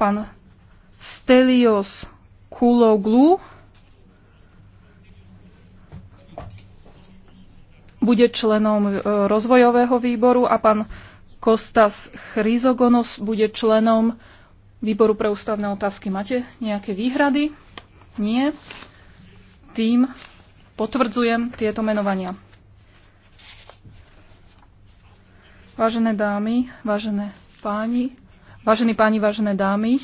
pán Stelios Kuloglu bude členom e, rozvojového výboru a pán Kostas Chryzogonos bude členom výboru pre ústavné otázky. Máte nejaké výhrady? Nie. Tým potvrdzujem tieto menovania. Vážené dámy, vážené páni, Vážení páni, vážené dámy,